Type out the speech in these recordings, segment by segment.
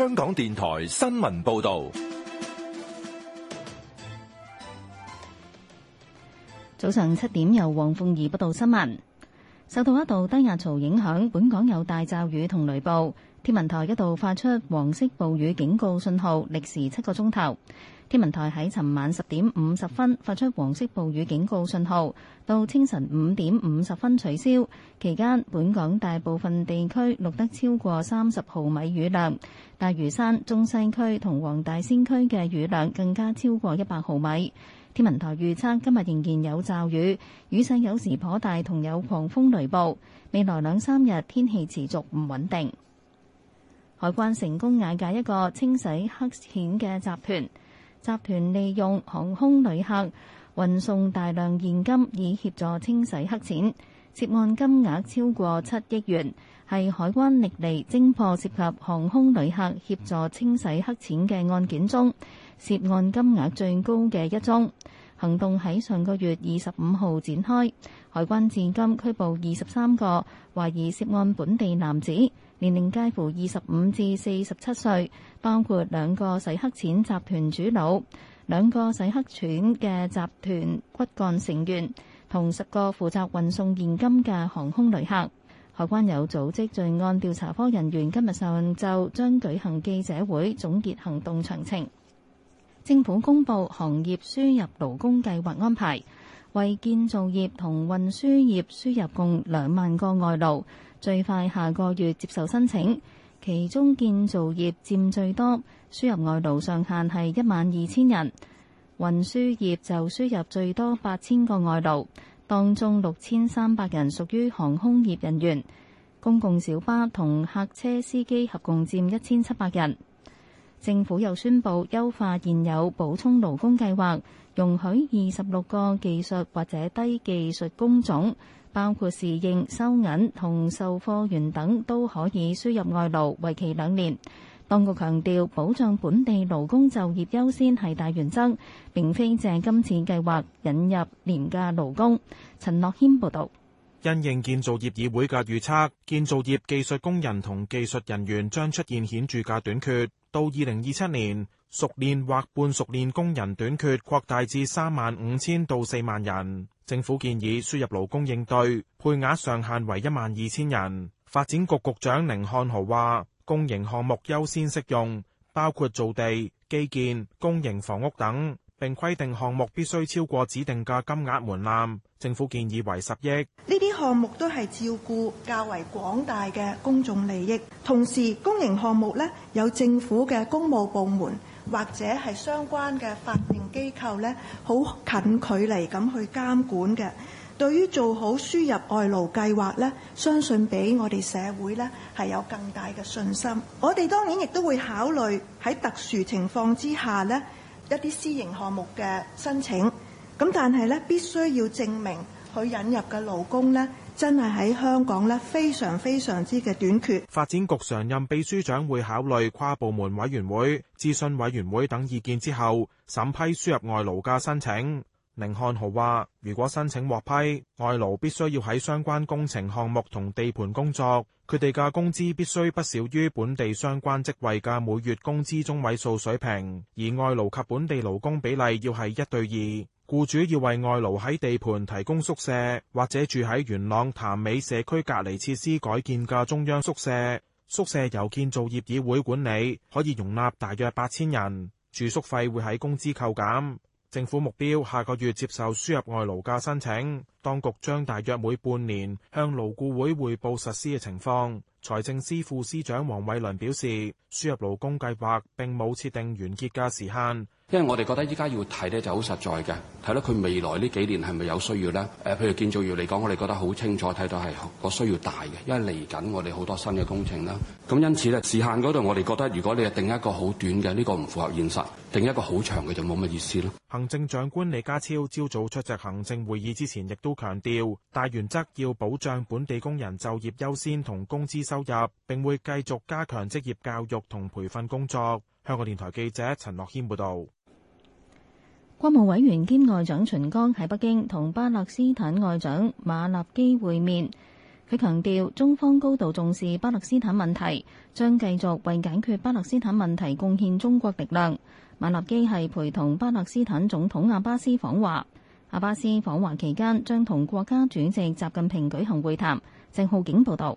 香港電台新聞報道，早上七點由黃鳳儀報道新聞。受到一道低壓槽影響，本港有大驟雨同雷暴，天文台一度發出黃色暴雨警告信號，歷時七個鐘頭。天文台喺尋晚十點五十分發出黃色暴雨警告信號，到清晨五點五十分取消。期間，本港大部分地區錄得超過三十毫米雨量，大嶼山、中西區同黃大仙區嘅雨量更加超過一百毫米。天文台預測今日仍然有驟雨，雨勢有時頗大，同有狂風雷暴。未來兩三日天氣持續唔穩定。海關成功瓦解一個清洗黑錢嘅集團。集團利用航空旅客運送大量現金，以協助清洗黑錢。涉案金額超過七億元，係海關歷嚟偵破涉及航空旅客協助清洗黑錢嘅案件中，涉案金額最高嘅一宗。行動喺上個月二十五號展開，海關至今拘捕二十三個懷疑涉案本地男子。年齡介乎二十五至四十七歲，包括兩個洗黑錢集團主腦、兩個洗黑錢嘅集團骨幹成員，同十個負責運送現金嘅航空旅客。海關有組織罪案調查科人員今日上晝將舉行記者會，總結行動詳情。政府公布行業輸入勞工計劃安排，為建造業同運輸業輸入共兩萬個外勞。最快下個月接受申請，其中建造業占最多，輸入外勞上限係一萬二千人。運輸業就輸入最多八千個外勞，當中六千三百人屬於航空業人員，公共小巴同客車司機合共占一千七百人。政府又宣佈優化現有補充勞工計劃，容許二十六個技術或者低技術工種，包括侍應、收銀同售貨員等，都可以輸入外勞，為期兩年。當局強調保障本地勞工就業優先係大原則，並非借今次計劃引入廉價勞工。陳樂謙報道。因應建造業議會嘅預測，建造業技術工人同技術人員將出現顯著價短缺。到二零二七年，熟練或半熟練工人短缺擴大至三萬五千到四萬人，政府建議輸入勞工應對，配額上限為一萬二千人。發展局局長寧漢豪話，公營項目優先適用，包括造地、基建、公營房屋等。並規定項目必須超過指定嘅金額門檻，政府建議為十億。呢啲項目都係照顧較為廣大嘅公眾利益，同時公營項目呢，有政府嘅公務部門或者係相關嘅法定機構呢，好近距離咁去監管嘅。對於做好輸入外勞計劃呢，相信俾我哋社會呢係有更大嘅信心。我哋當然亦都會考慮喺特殊情況之下呢。一啲私營項目嘅申請，咁但係咧必須要證明佢引入嘅勞工咧，真係喺香港咧非常非常之嘅短缺。發展局常任秘書長會考慮跨部門委員會、諮詢委員會等意見之後，審批輸入外勞嘅申請。寧漢豪話：如果申請獲批，外勞必須要喺相關工程項目同地盤工作，佢哋嘅工資必須不少於本地相關職位嘅每月工資中位數水平，而外勞及本地勞工比例要係一對二。僱主要為外勞喺地盤提供宿舍，或者住喺元朗潭尾社區隔離設施改建嘅中央宿舍。宿舍由建造業議會管理，可以容納大約八千人，住宿費會喺工資扣減。政府目標下個月接受輸入外勞嘅申請。當局將大約每半年向勞顧會匯報實施嘅情況。財政司副司長黃偉綸表示，輸入勞工計劃並冇設定完結嘅時限，因為我哋覺得依家要睇咧就好實在嘅，睇到佢未來呢幾年係咪有需要咧。誒，譬如建造業嚟講，我哋覺得好清楚，睇到係個需要大嘅，因為嚟緊我哋好多新嘅工程啦。咁因此咧，時限嗰度我哋覺得如果你係定一個好短嘅，呢個唔符合現實；定一個好長嘅就冇乜意思啦。行政長官李家超朝早出席行政會議之前，亦都。強調大原則要保障本地工人就業優先同工資收入，並會繼續加強職業教育同培訓工作。香港電台記者陳樂謙報道。國務委員兼外長秦剛喺北京同巴勒斯坦外長馬立基會面，佢強調中方高度重視巴勒斯坦問題，將繼續為解決巴勒斯坦問題貢獻中國力量。馬立基係陪同巴勒斯坦總統阿巴斯訪華。阿巴斯訪華期間將同國家主席習近平舉行會談，鄭浩景報道。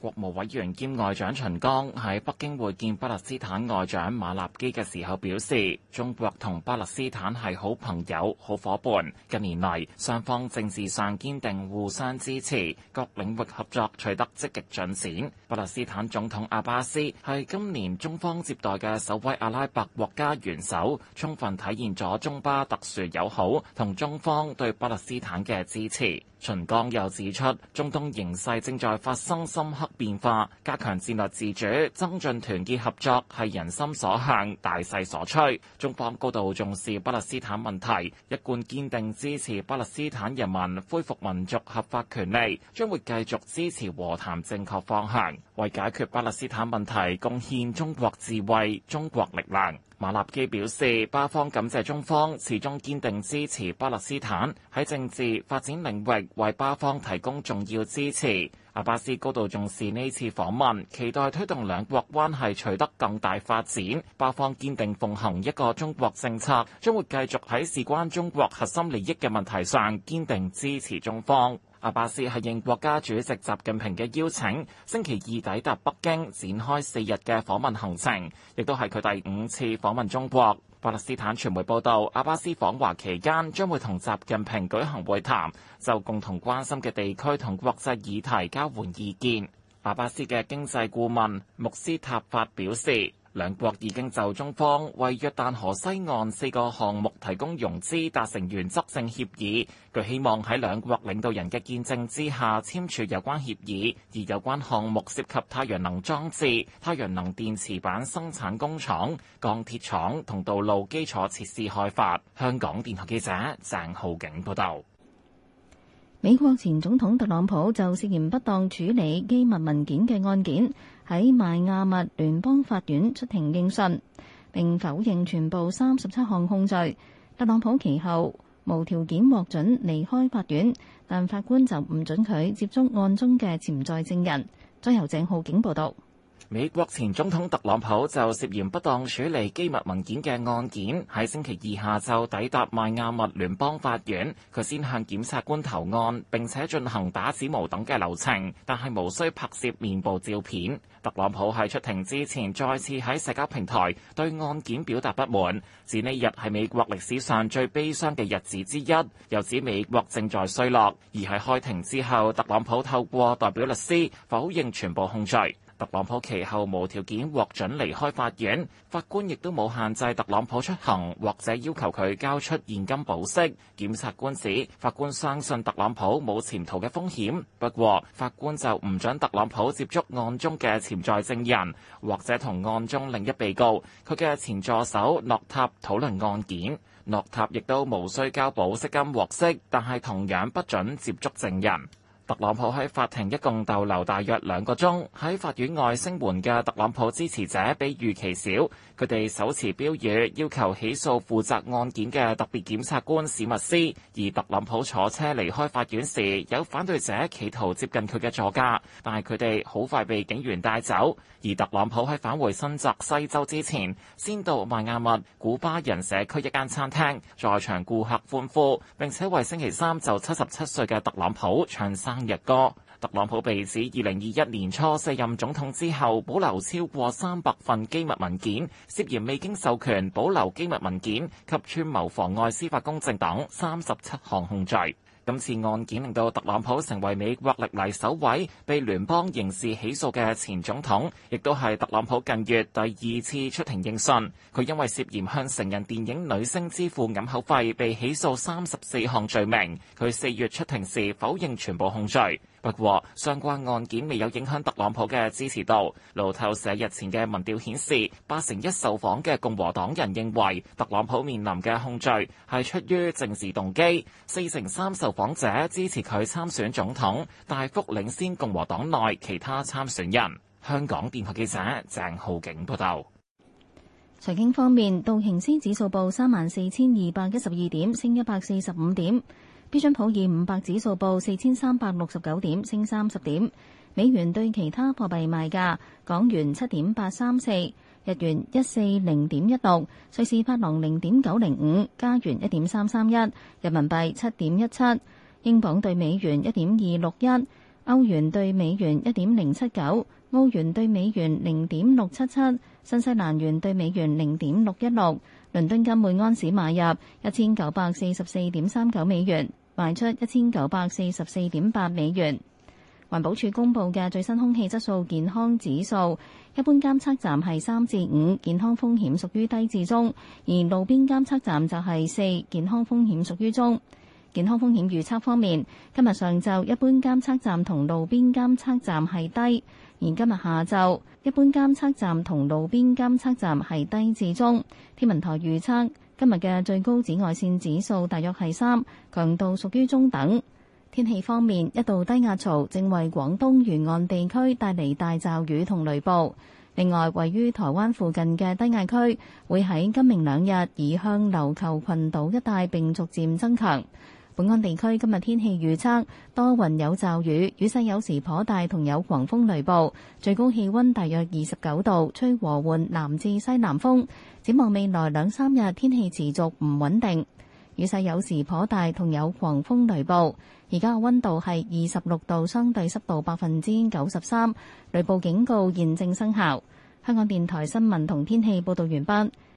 國務委員兼外長秦剛喺北京會見巴勒斯坦外長馬立基嘅時候表示，中國同巴勒斯坦係好朋友、好夥伴。近年來，雙方政治上堅定互相支持，各領域合作取得積極進展。巴勒斯坦總統阿巴斯係今年中方接待嘅首位阿拉伯國家元首，充分體現咗中巴特殊友好同中方對巴勒斯坦嘅支持。秦剛又指出，中東形勢正在發生深刻變化，加強戰略自主、增進團結合作係人心所向、大勢所趨。中方高度重視巴勒斯坦問題，一貫堅定支持巴勒斯坦人民恢復民族合法權利，將會繼續支持和談正確方向，為解決巴勒斯坦問題貢獻中國智慧、中國力量。馬立基表示，巴方感謝中方始終堅定支持巴勒斯坦，喺政治發展領域為巴方提供重要支持。阿巴斯高度重視呢次訪問，期待推動兩國關係取得更大發展。巴方堅定奉行一個中國政策，將會繼續喺事關中國核心利益嘅問題上堅定支持中方。阿巴斯係應國家主席習近平嘅邀請，星期二抵達北京，展開四日嘅訪問行程，亦都係佢第五次訪問中國。巴勒斯坦傳媒報道，阿巴斯訪華期間將會同習近平舉行會談，就共同關心嘅地區同國際議題交換意見。阿巴斯嘅經濟顧問穆斯塔法表示，兩國已經就中方為約旦河西岸四個項目提供融資達成原則性協議，佢希望喺兩國領導人嘅見證之下簽署有關協議，而有關項目涉及太陽能裝置、太陽能電池板生產工廠、鋼鐵廠同道路基礎設施開發。香港電台記者鄭浩景報道。美國前總統特朗普就涉嫌不當處理機密文件嘅案件，喺邁亞密聯邦法院出庭應訊，並否認全部三十七項控罪。特朗普其後無條件獲准離開法院，但法官就唔准佢接觸案中嘅潛在證人。再由鄭浩景報道。美國前總統特朗普就涉嫌不當處理機密文件嘅案件，喺星期二下晝抵達邁阿密聯邦法院。佢先向檢察官投案，並且進行打指模等嘅流程，但係無需拍攝面部照片。特朗普喺出庭之前再次喺社交平台對案件表達不滿，指呢日係美國歷史上最悲傷嘅日子之一，又指美國正在衰落。而喺開庭之後，特朗普透過代表律師否認全部控罪。特朗普其後無條件獲准離開法院，法官亦都冇限制特朗普出行，或者要求佢交出現金保釋。檢察官指法官相信特朗普冇潛逃嘅風險，不過法官就唔准特朗普接觸案中嘅潛在證人，或者同案中另一被告佢嘅前助手諾塔討論案件。諾塔亦都無需交保釋金獲釋，但係同樣不准接觸證人。特朗普喺法庭一共逗留大約兩個鐘，喺法院外聲援嘅特朗普支持者比預期少。佢哋手持標語要求起訴負責案件嘅特別檢察官史密斯。而特朗普坐車離開法院時，有反對者企圖接近佢嘅座駕，但係佢哋好快被警員帶走。而特朗普喺返回新澤西州之前，先到邁阿密古巴人社區一間餐廳，在場顧客歡呼，並且為星期三就七十七歲嘅特朗普唱生日歌，特朗普被指二零二一年初卸任總統之後，保留超過三百份機密文件，涉嫌未經授權保留機密文件及串謀妨礙司法公正等三十七項控罪。今次案件令到特朗普成為美國歷嚟首位被聯邦刑事起訴嘅前總統，亦都係特朗普近月第二次出庭應訊。佢因為涉嫌向成人電影女星支付掩口費，被起訴三十四項罪名。佢四月出庭時否認全部控罪。不過，相關案件未有影響特朗普嘅支持度。路透社日前嘅民調顯示，八成一受訪嘅共和黨人認為特朗普面臨嘅控罪係出於政治動機，四成三受訪者支持佢參選總統，大幅領先共和黨內其他參選人。香港電台記者鄭浩景報導。財經方面，道瓊斯指數報三萬四千二百一十二點，升一百四十五點。標準普爾五百指數報四千三百六十九點，升三十點。美元對其他貨幣賣價：港元七點八三四，日元一四零點一六，瑞士法郎零點九零五，加元一點三三一，人民幣七點一七，英鎊對美元一點二六一，歐元對美元一點零七九，澳元對美元零點六七七，新西蘭元對美元零點六一六。倫敦金每安士買入一千九百四十四點三九美元。賣出一千九百四十四點八美元。環保署公布嘅最新空氣質素健康指數，一般監測站係三至五，健康風險屬於低至中；而路邊監測站就係四，健康風險屬於中。健康風險預測方面，今日上晝一般監測站同路邊監測站係低。連今日下晝，一般監測站同路邊監測站係低至中。天文台預測今日嘅最高紫外線指數大約係三，強度屬於中等。天氣方面，一度低壓槽正為廣東沿岸地區帶嚟大霧雨同雷暴。另外，位於台灣附近嘅低壓區會喺今明兩日以向琉球群島一帶並逐漸增強。本港地區今日天氣預測多雲有驟雨，雨勢有時頗大，同有狂風雷暴。最高氣溫大約二十九度，吹和緩南至西南風。展望未來兩三日天氣持續唔穩定，雨勢有時頗大，同有狂風雷暴。而家嘅溫度係二十六度，相對濕度百分之九十三，雷暴警告現正生效。香港電台新聞同天氣報導完畢。